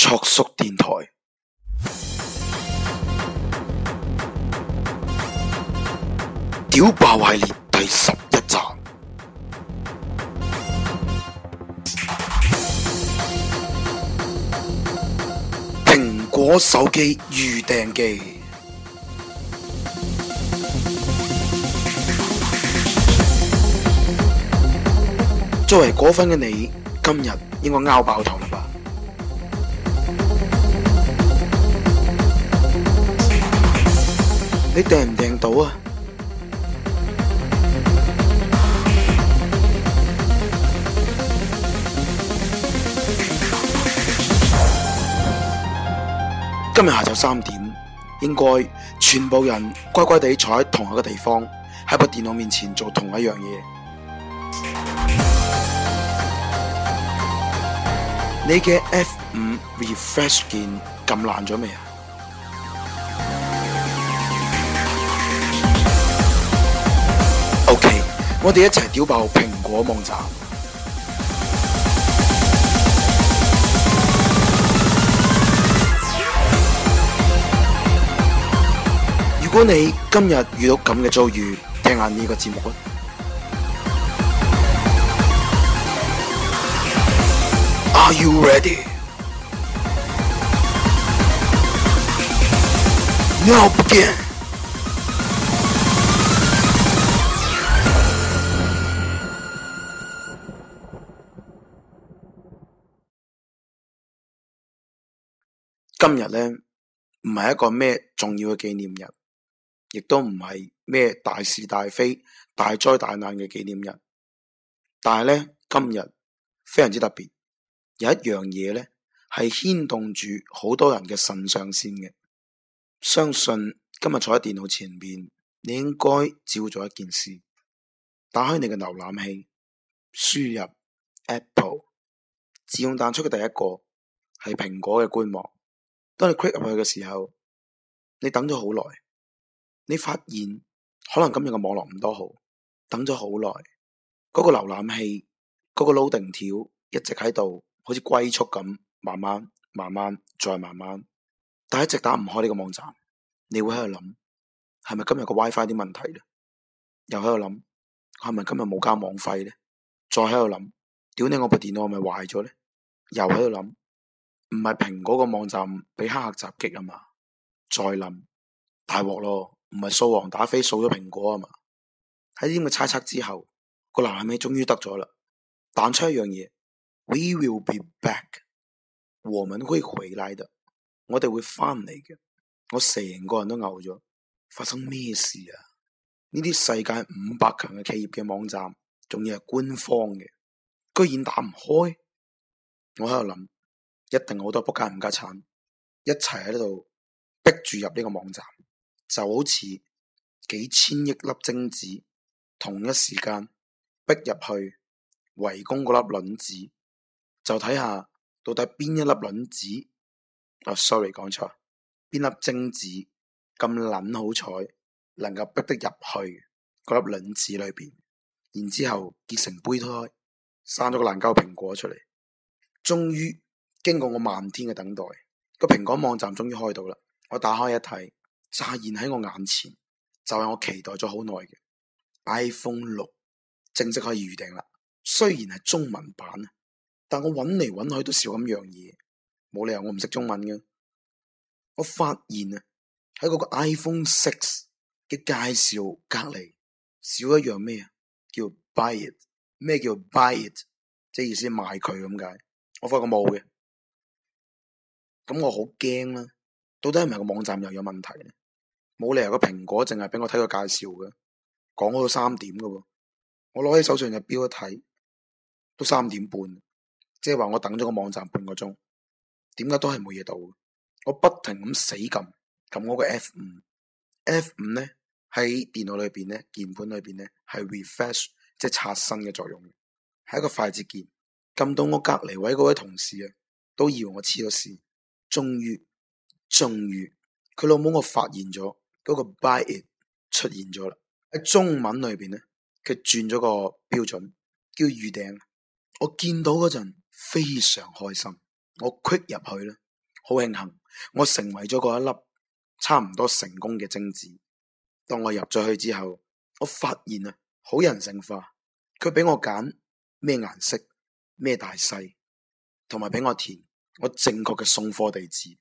碩叔電台，屌爆系列第十一集：蘋果手機預訂記。作為果粉嘅你，今日應該拗爆頭啦吧？你訂唔訂到啊？今日下晝三點，應該全部人乖乖地坐喺同一個地方，喺部電腦面前做同一樣嘢。你嘅 F 五 Refresh 鍵撳爛咗未啊？我哋一齊屌爆蘋果網站。如果你今日遇到咁嘅遭遇，聽下呢個節目啦。Are you ready? Now begin. 今日咧，唔係一個咩重要嘅紀念日，亦都唔係咩大是大非、大災大難嘅紀念日，但係咧今日非常之特別，有一樣嘢咧，係牽動住好多人嘅腎上腺嘅。相信今日坐喺電腦前面，你應該照做一件事，打開你嘅瀏覽器，輸入 Apple，自動彈出嘅第一個係蘋果嘅官網。當你 click 入去嘅時候，你等咗好耐，你發現可能今日嘅網絡唔多好，等咗好耐，嗰個瀏覽器嗰個 loading 條一直喺度，好似龜速咁，慢慢慢慢再慢慢，但係一直打唔開呢個網站，你會喺度諗，係咪今日個 WiFi 啲問題咧？又喺度諗，係咪今日冇交網費咧？再喺度諗，屌你我部電腦係咪壞咗咧？又喺度諗。唔係蘋果個網站俾黑客襲擊啊嘛，再諗大鑊咯，唔係掃黃打非掃咗蘋果啊嘛。喺呢個猜測之後，個男阿妹終於得咗啦，彈出一樣嘢，We will be back，我們，可以我們會回來的，我哋會翻嚟嘅。我成個人都牛咗，發生咩事啊？呢啲世界五百強嘅企業嘅網站，仲要係官方嘅，居然打唔開，我喺度諗。一定好多仆街冚家產，一齊喺度逼住入呢個網站，就好似幾千億粒精子同一時間逼入去圍攻嗰粒卵子，就睇下到底邊一粒卵子，啊、oh，sorry 講錯，邊粒精子咁撚好彩，能夠逼得入去嗰粒卵子裏邊，然之後結成胚胎，生咗個爛膠蘋果出嚟，終於。經過我漫天嘅等待，個蘋果網站終於開到啦！我打開一睇，乍現喺我眼前，就係我期待咗好耐嘅 iPhone 六正式可以預訂啦。雖然係中文版，但我揾嚟揾去都少咁樣嘢，冇理由我唔識中文嘅。我發現啊，喺嗰個 iPhone 六嘅介紹隔籬少一樣咩啊？叫 buy it，咩叫 buy it？即係意思買佢咁解？我發覺冇嘅。咁我好驚啦，到底係咪個網站又有問題咧？冇理由個蘋果淨係俾我睇個介紹嘅，講到三點嘅喎。我攞起手上嘅表一睇，都三點半，即係話我等咗個網站半個鐘，點解都係冇嘢到？我不停咁死撳，撳我個 F 五，F 五咧喺電腦裏邊咧，鍵盤裏邊咧係 refresh，即係刷新嘅作用，係一個快捷鍵。撳到我隔籬位嗰位同事啊，都以為我黐咗線。終於，終於，佢老母，我發現咗嗰，那個 buy it 出現咗啦！喺中文裏邊咧，佢轉咗個標準叫預訂。我見到嗰陣非常開心，我 quick 入去啦，好慶幸，幸我成為咗嗰一粒差唔多成功嘅精子。當我入咗去之後，我發現啊，好人性化，佢俾我揀咩顏色、咩大細，同埋俾我填。我正確嘅送貨地址，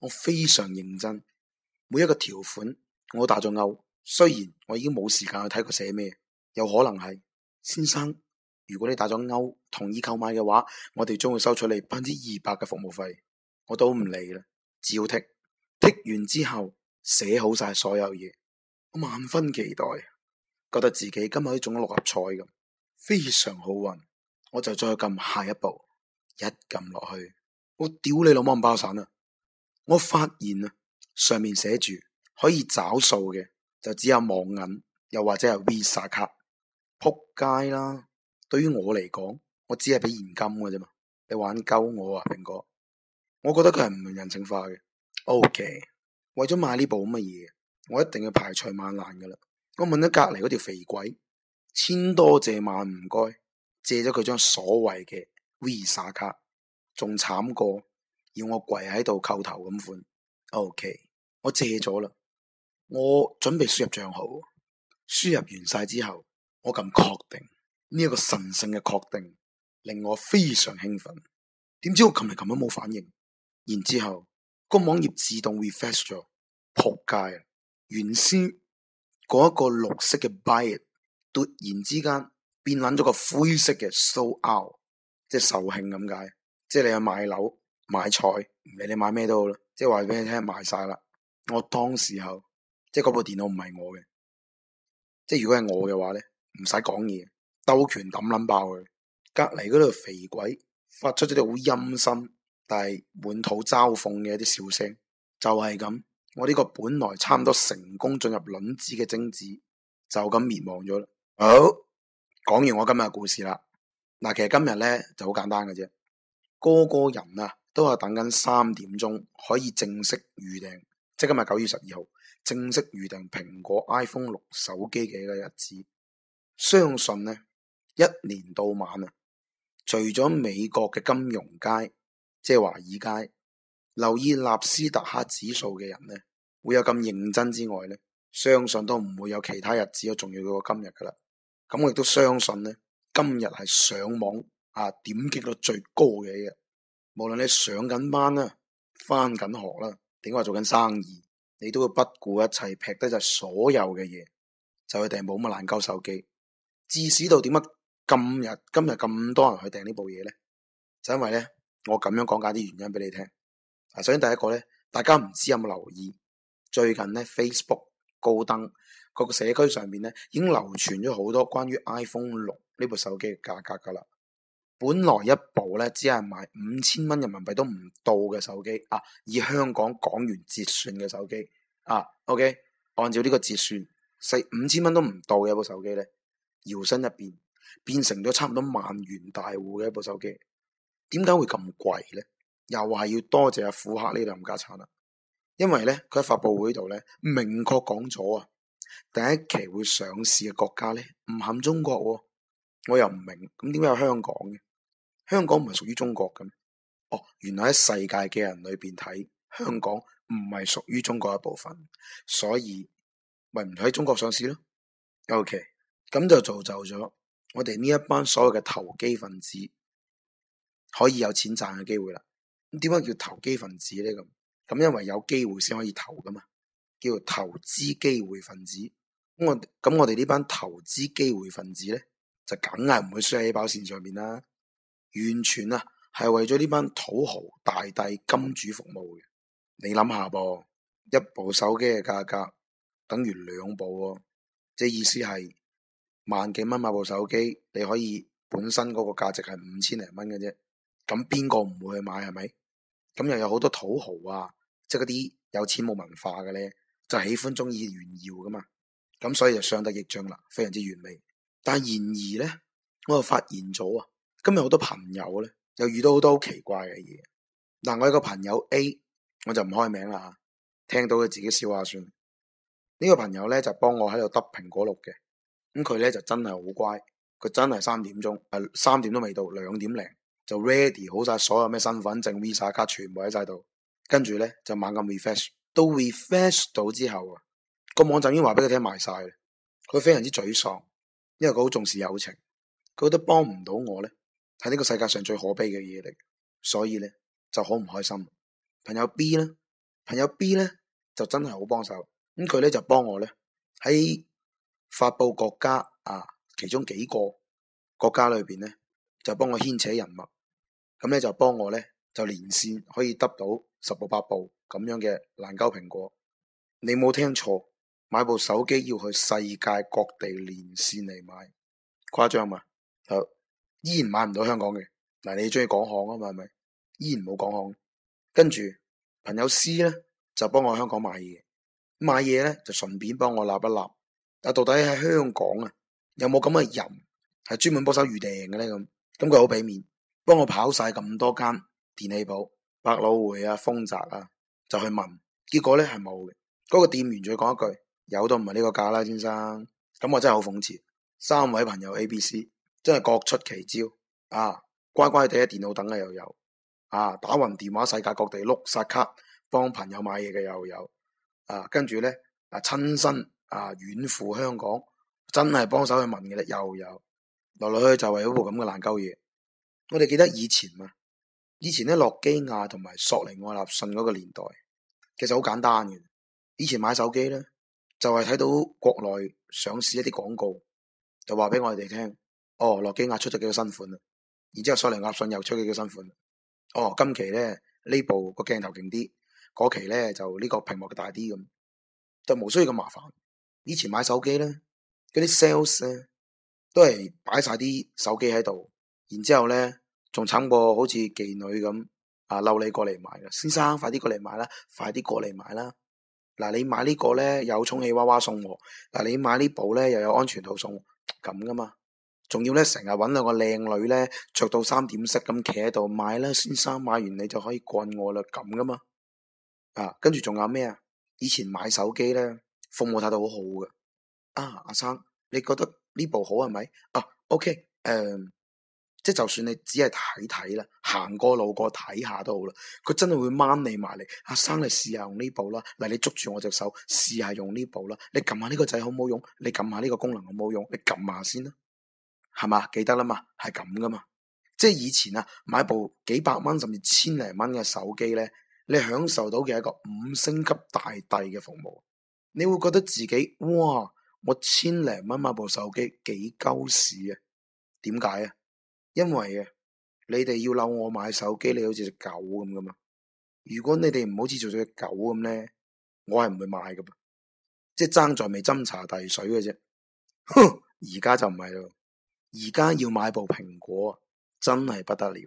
我非常認真，每一個條款我打咗勾。雖然我已經冇時間去睇佢寫咩，有可能係先生，如果你打咗勾同意購買嘅話，我哋將會收取你百分之二百嘅服務費。我都唔理啦，照剔，剔完之後寫好晒所有嘢，我萬分期待，覺得自己今日好似中六合彩咁，非常好運。我就再撳下一步，一撳落去。我屌你老母唔包散啊！我發現啊，上面寫住可以找數嘅就只有網銀，又或者係 Visa 卡，撲街啦！對於我嚟講，我只係俾現金嘅啫嘛。你玩鳩我啊，蘋果！我覺得佢係唔人性化嘅。OK，為咗買呢部咁嘅嘢，我一定要排除萬難噶啦。我問咗隔籬嗰條肥鬼，千多謝萬唔該，借咗佢張所謂嘅 Visa 卡。仲慘過，要我跪喺度叩頭咁款。O K，我借咗啦，我準備輸入賬號。輸入完晒之後，我咁確定呢一個神聖嘅確定，令我非常興奮。點知我琴日琴日冇反應，然之後個網頁自動 refresh 咗扑街啊！原先嗰一個綠色嘅 buy，突然之間變捻咗個灰色嘅 sold out，即係售罄咁解。即係你去買樓、買菜，唔理你買咩都好啦。即係話俾你聽，買晒啦！我當時候，即係嗰部電腦唔係我嘅。即係如果係我嘅話咧，唔使講嘢，兜拳抌捻爆佢。隔籬嗰度肥鬼發出咗啲好陰森，但係滿肚嘲諷嘅一啲笑聲，就係咁。我呢個本來差唔多成功進入卵子嘅精子，就咁滅亡咗啦。好，講完我今日嘅故事啦。嗱，其實今日咧就好簡單嘅啫。個個人啊，都係等緊三點鐘可以正式預定，即今日九月十二號正式預定，蘋果 iPhone 六手機嘅一個日子。相信呢，一年到晚啊，除咗美國嘅金融街，即係華爾街，留意納斯達克指數嘅人呢，會有咁認真之外呢，相信都唔會有其他日子有重要過今日噶啦。咁我亦都相信呢，今日係上網。啊！點擊率最高嘅嘢，無論你上緊班啦，啊、翻緊學啦，點解、啊、做緊生意，你都會不顧一切劈低就所有嘅嘢，就去訂冇咁爛鳩手機。至使到點解今日今日咁多人去訂呢部嘢咧？就因為咧，我咁樣講解啲原因俾你聽。首先第一個咧，大家唔知有冇留意最近咧 Facebook 高登各個社區上面咧，已經流傳咗好多關於 iPhone 六呢部手機嘅價格噶啦。本來一部咧，只係賣五千蚊人民幣都唔到嘅手機啊，以香港港元折算嘅手機啊，OK，按照呢個折算，四五千蚊都唔到嘅一部手機咧，搖身一變，變成咗差唔多萬元大戶嘅一部手機。點解會咁貴咧？又話要多謝阿富克呢個林家產啦、啊，因為咧，佢喺發佈會度咧，明確講咗啊，第一期會上市嘅國家咧，唔含中國、啊，我又唔明，咁點解有香港嘅？香港唔係屬於中國嘅咩？哦，原來喺世界嘅人裏邊睇，香港唔係屬於中國一部分，所以咪唔喺中國上市咯。O K，咁就造就咗我哋呢一班所有嘅投機分子可以有錢賺嘅機會啦。咁點解叫投機分子咧？咁咁因為有機會先可以投噶嘛，叫做投資機會分子。我咁我哋呢班投資機會分子咧，就梗係唔會輸喺起跑線上面啦。完全啊，係為咗呢班土豪大帝金主服務嘅。你諗下噃，一部手機嘅價格等於兩部喎、啊，即係意思係萬幾蚊買部手機，你可以本身嗰個價值係五千零蚊嘅啫。咁邊個唔會去買，係咪？咁又有好多土豪啊，即係嗰啲有錢冇文化嘅咧，就喜歡中意炫耀噶嘛。咁所以就相得益彰啦，非常之完美。但係然而咧，我又發現咗啊。今日好多朋友咧，又遇到好多好奇怪嘅嘢。嗱，我有個朋友 A，我就唔開名啦吓，啊，聽到佢自己笑下算。呢、這個朋友咧就是、幫我喺度得蘋果六嘅，咁佢咧就真係好乖，佢真係三點鐘，誒三點都未到，兩點零就 ready 好晒所有咩身份證、Visa 卡全部喺晒度，跟住咧就猛咁 refresh。都 refresh 到之後啊，個網站已經話俾佢聽賣晒，佢非常之沮喪，因為佢好重視友情，佢覺得幫唔到我咧。喺呢個世界上最可悲嘅嘢嚟，所以咧就好唔開心。朋友 B 咧，朋友 B 咧就真係好幫手，咁佢咧就幫我咧喺發布國家啊，其中幾個國家裏邊咧就幫我牽扯人物，咁咧就幫我咧就連線可以得到十部八部咁樣嘅爛膠蘋果。你冇聽錯，買部手機要去世界各地連線嚟買，誇張嘛？好。依然買唔到香港嘅嗱，你中意港行啊嘛，係咪？依然冇港行，跟住朋友 C 咧就幫我香港買嘢，買嘢咧就順便幫我立一立。但到底喺香港啊，有冇咁嘅人係專門幫手預訂嘅咧？咁咁佢好俾面，幫我跑晒咁多間電器鋪、百老匯啊、豐澤啊，就去問，結果咧係冇嘅。嗰個店員再講一句：有都唔係呢個價啦，先生。咁我真係好諷刺，三位朋友 A、B、C。真係各出奇招啊！乖乖喺第一電腦等嘅又有啊，打暈電話世界各地碌刷卡幫朋友買嘢嘅又有啊，跟住咧啊親身啊遠赴香港，真係幫手去問嘅咧又有，來來去就係嗰部咁嘅爛鳩嘢。我哋記得以前啊，以前咧諾基亞同埋索尼愛立信嗰個年代，其實好簡單嘅。以前買手機咧，就係、是、睇到國內上市一啲廣告，就話俾我哋聽。哦，諾基亞出咗幾個新款啦，然之後索尼，亞信又出幾個新款。哦，今期咧呢部個鏡頭勁啲，嗰期咧就呢個屏幕大啲咁，就冇需要咁麻煩。以前買手機咧，嗰啲 sales 咧都係擺晒啲手機喺度，然之後咧仲慘過好似妓女咁啊，嬲你過嚟買啦。先生，快啲過嚟買啦，快啲過嚟買啦。嗱，你買個呢個咧有充氣娃娃送我，嗱你買部呢部咧又有安全套送我咁噶嘛。仲要咧，成日搵兩個靚女咧，着到三點式咁企喺度買啦，先生買完你就可以慣我啦，咁噶嘛？啊，跟住仲有咩啊？以前買手機咧，服務態度好好嘅。啊，阿生你覺得呢部好係咪？啊，OK，誒、呃，即係就算你只係睇睇啦，行過路過睇下都好啦。佢真係會掹你埋嚟。阿生你試下用呢部啦，嗱你捉住我隻手試下用呢部啦。你撳下呢個掣好冇用？你撳下呢個功能好冇用？你撳下，下先啦。係嘛？記得啦嘛，係咁噶嘛。即係以前啊，買部幾百蚊甚至千零蚊嘅手機咧，你享受到嘅係一個五星級大帝嘅服務，你會覺得自己哇！我千零蚊買部手機幾鳩屎啊？點解啊？因為啊，你哋要扭我買手機，你好似隻狗咁噶嘛。如果你哋唔好似做咗隻狗咁咧，我係唔會買噶噃。即係爭在未斟茶遞水嘅啫。哼，而家就唔係咯。而家要買部蘋果，真係不得了。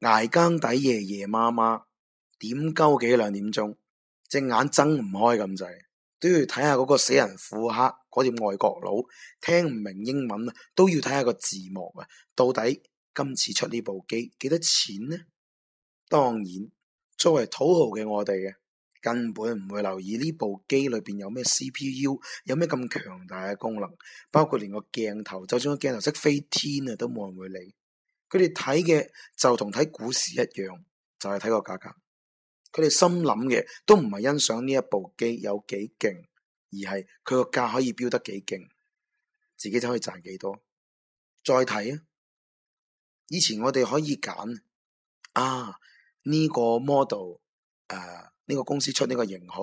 捱更抵夜夜媽媽，點鳩幾兩點鐘，隻眼睜唔開咁滯，都要睇下嗰個死人庫克嗰啲、那個、外國佬聽唔明英文啊，都要睇下個字幕啊。到底今次出呢部機幾多錢呢？當然，作為土豪嘅我哋嘅。根本唔會留意呢部機裏邊有咩 CPU，有咩咁強大嘅功能，包括連個鏡頭，就算個鏡頭識飛天啊，都冇人會理。佢哋睇嘅就同睇股市一樣，就係睇個價格。佢哋心諗嘅都唔係欣賞呢一部機有幾勁，而係佢個價可以飆得幾勁，自己就可以賺幾多。再睇啊，以前我哋可以揀啊呢個 model，誒。呃呢個公司出呢個型號，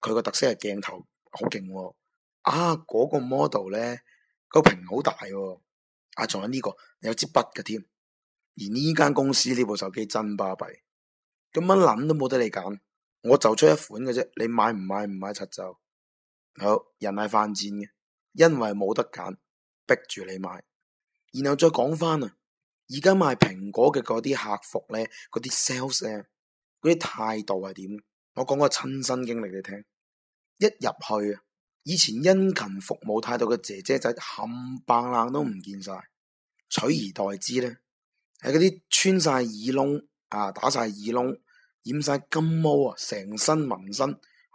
佢個特色係鏡頭好勁喎。啊，嗰個 model 咧，個屏好大喎。啊，仲有呢個有支筆嘅添。而呢間公司呢部手機真巴閉，咁乜諗都冇得你揀，我就出一款嘅啫。你買唔買唔買，柒走！好，人係犯賤嘅，因為冇得揀，逼住你買。然後再講翻啊，而家賣蘋果嘅嗰啲客服咧，嗰啲 sales 咧，嗰啲態度係點？我講個親身經歷你聽，一入去啊，以前殷勤服務態度嘅姐姐仔冚唪唥都唔見晒，取而代之咧係嗰啲穿晒耳窿啊，打晒耳窿，染晒金毛啊，成身紋身，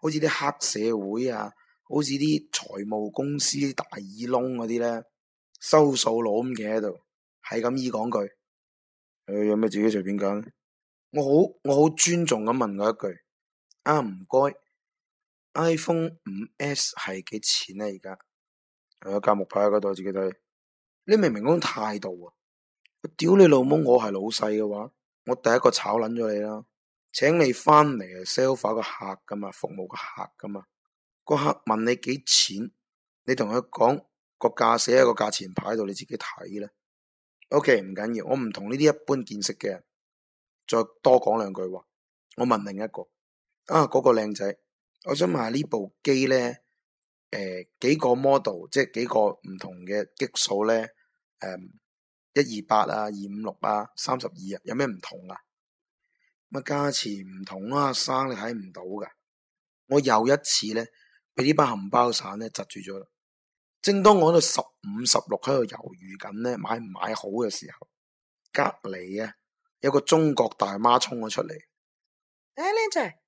好似啲黑社會啊，好似啲財務公司啲大耳窿嗰啲咧，收數佬咁嘅喺度，係咁意講句，誒、欸，有咩自己隨便講，我好我好尊重咁問佢一句。啊唔該，iPhone 五 S 係幾錢咧？而家係，價目牌嗰度自己睇。你明明講態度啊！我屌你老母，我係老細嘅話，我第一個炒捻咗你啦！請你翻嚟係 sell 翻個客噶嘛，服務個客噶嘛。個客問你幾錢，你同佢講個價寫喺個價錢牌度，你自己睇啦。OK，唔緊要，我唔同呢啲一般見識嘅人。再多講兩句話，我問另一個。啊，嗰、那個靚仔，我想問下呢部機咧，誒、呃，幾個 model 即係幾個唔同嘅級數咧，誒、嗯，一二八啊，二五六啊，三十二啊，有咩唔同啊？咁啊，價錢唔同啊，生你睇唔到噶。我又一次咧，俾呢班含包散咧窒住咗啦。正當我喺度十五十六喺度猶豫緊咧買唔買好嘅時候，隔籬啊，有個中國大媽衝咗出嚟，誒、哎，靚仔。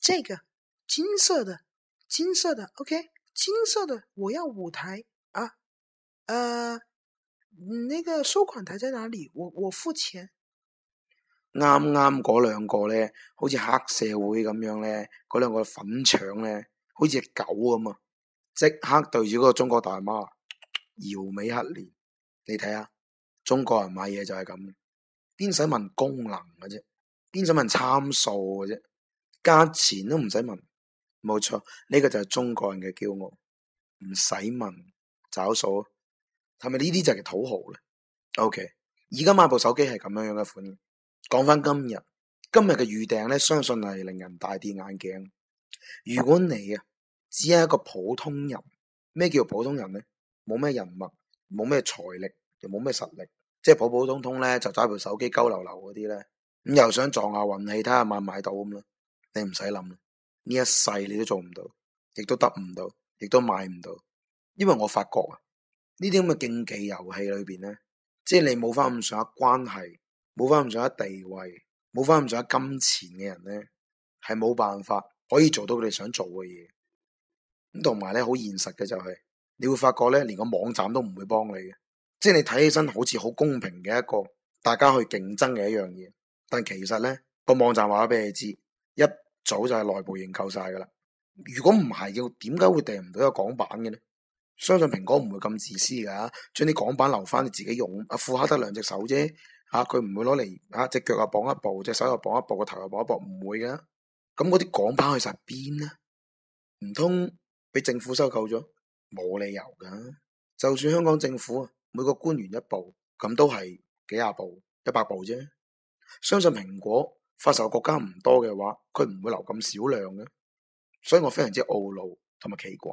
這個金色的金色的，OK 金色的，我要五台啊，啊、呃，那個收款台在哪裡？我我付錢。啱啱嗰兩個咧，好似黑社會咁樣咧，嗰兩個粉腸咧，好似狗咁啊，即刻對住嗰個中國大媽，搖尾乞憐。你睇下，中國人買嘢就係咁，邊使問功能嘅、啊、啫，邊使問參數嘅、啊、啫。價錢都唔使問，冇錯，呢個就係中國人嘅驕傲，唔使問找數，係咪呢啲就係土豪咧？OK，而家買部手機係咁樣樣一款，講翻今日，今日嘅預訂咧，相信係令人大跌眼鏡。如果你啊，只係一個普通人，咩叫普通人咧？冇咩人脈，冇咩財力，又冇咩實力，即係普普通通咧，就揸部手機溝流流嗰啲咧，咁又想撞下運氣睇下買唔買到咁啦。你唔使諗，呢一世你都做唔到，亦都得唔到，亦都買唔到，因為我發覺啊，呢啲咁嘅競技遊戲裏邊咧，即係你冇翻咁上下關係，冇翻咁上下地位，冇翻咁上下金錢嘅人咧，係冇辦法可以做到佢哋想做嘅嘢。咁同埋咧，好現實嘅就係，你會發覺咧，連個網站都唔會幫你嘅，即係你睇起身好似好公平嘅一個大家去競爭嘅一樣嘢，但其實咧個網站話俾你知一。早就係內部認購晒噶啦，如果唔係嘅，又點解會訂唔到一個港版嘅呢？相信蘋果唔會咁自私噶、啊，將啲港版留翻你自己用。阿富克得兩隻兩隻手啫，吓佢唔會攞嚟吓隻腳又綁一步，隻手又綁一步，個頭又綁一步，唔會嘅、啊。咁嗰啲港版去晒邊呢？唔通俾政府收購咗？冇理由噶、啊。就算香港政府每個官員一部，咁都係幾廿部、一百部啫。相信蘋果。發售國家唔多嘅話，佢唔會留咁少量嘅，所以我非常之懊惱同埋奇怪。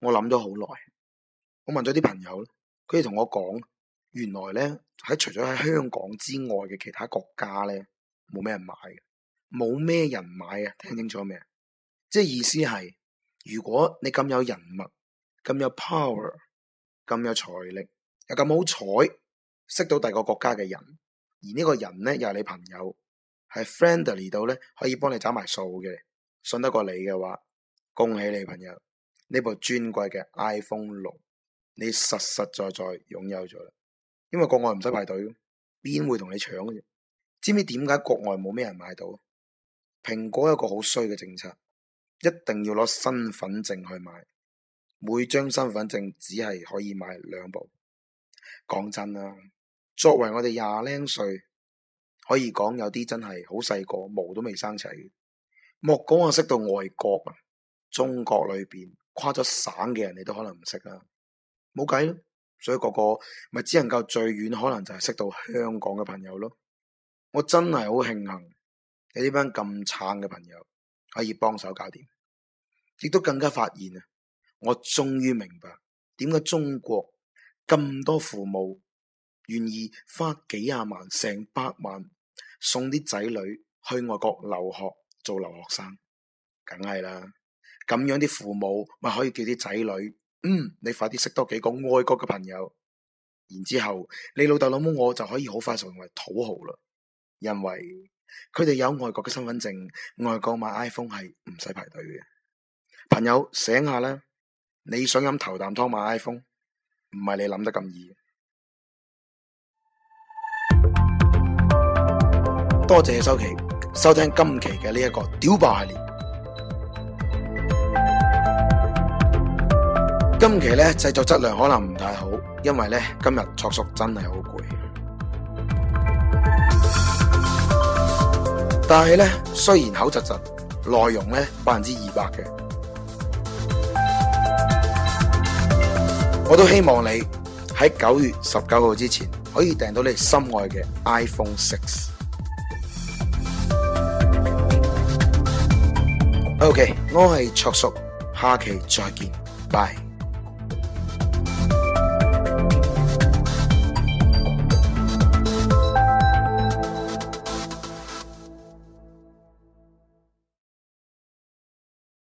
我諗咗好耐，我問咗啲朋友咧，佢哋同我講，原來咧喺除咗喺香港之外嘅其他國家咧，冇咩人買嘅，冇咩人買啊！聽清楚未啊？即係意思係，如果你咁有人脈、咁有 power、咁有財力，又咁好彩，識到第二個國家嘅人，而呢個人咧又係你朋友。係 friendly 到咧，可以幫你找埋數嘅，信得過你嘅話，恭喜你朋友，呢部尊貴嘅 iPhone 六，你實實在在擁有咗啦。因為國外唔使排隊，邊會同你搶嘅啫？知唔知點解國外冇咩人買到？蘋果有個好衰嘅政策，一定要攞身份證去買，每張身份證只係可以買兩部。講真啊，作為我哋廿零歲。可以講有啲真係好細個毛都未生齊，莫講我識到外國，中國裏邊跨咗省嘅人你都可能唔識啊，冇計咯，所以個個咪只能夠最遠可能就係識到香港嘅朋友咯。我真係好慶幸你呢班咁撐嘅朋友可以幫手搞掂，亦都更加發現啊，我終於明白點解中國咁多父母願意花幾廿萬、成百萬。送啲仔女去外國留學做留學生，梗係啦。咁樣啲父母咪可以叫啲仔女，嗯，你快啲識多幾個外國嘅朋友，然之後你老豆老母我就可以好快就成為土豪啦，因為佢哋有外國嘅身份證，外國買 iPhone 係唔使排隊嘅。朋友醒下啦，你想飲頭啖湯買 iPhone，唔係你諗得咁易。多謝收期收聽今期嘅呢一個屌爆系列。今期咧，製作質量可能唔太好，因為咧今日卓叔真係好攰，但係咧雖然口窒窒，內容咧百分之二百嘅，我都希望你喺九月十九號之前可以訂到你心愛嘅 iPhone Six。OK，我係卓叔，下期再見，拜。